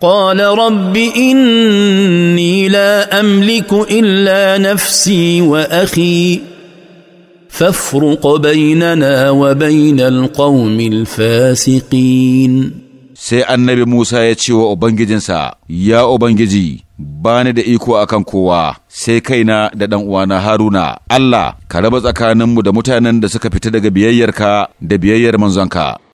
قال رب اني لا املك الا نفسي واخي فافرق بيننا وبين القوم الفاسقين sai annabi Musa ya ce wa Ubangijinsa, Ya Ubangiji, ba ni da iko akan kowa, sai kaina da ɗan uwana Haruna, Allah, ka raba tsakaninmu da mutanen da suka fita daga biyayyarka da biyayyar manzonka.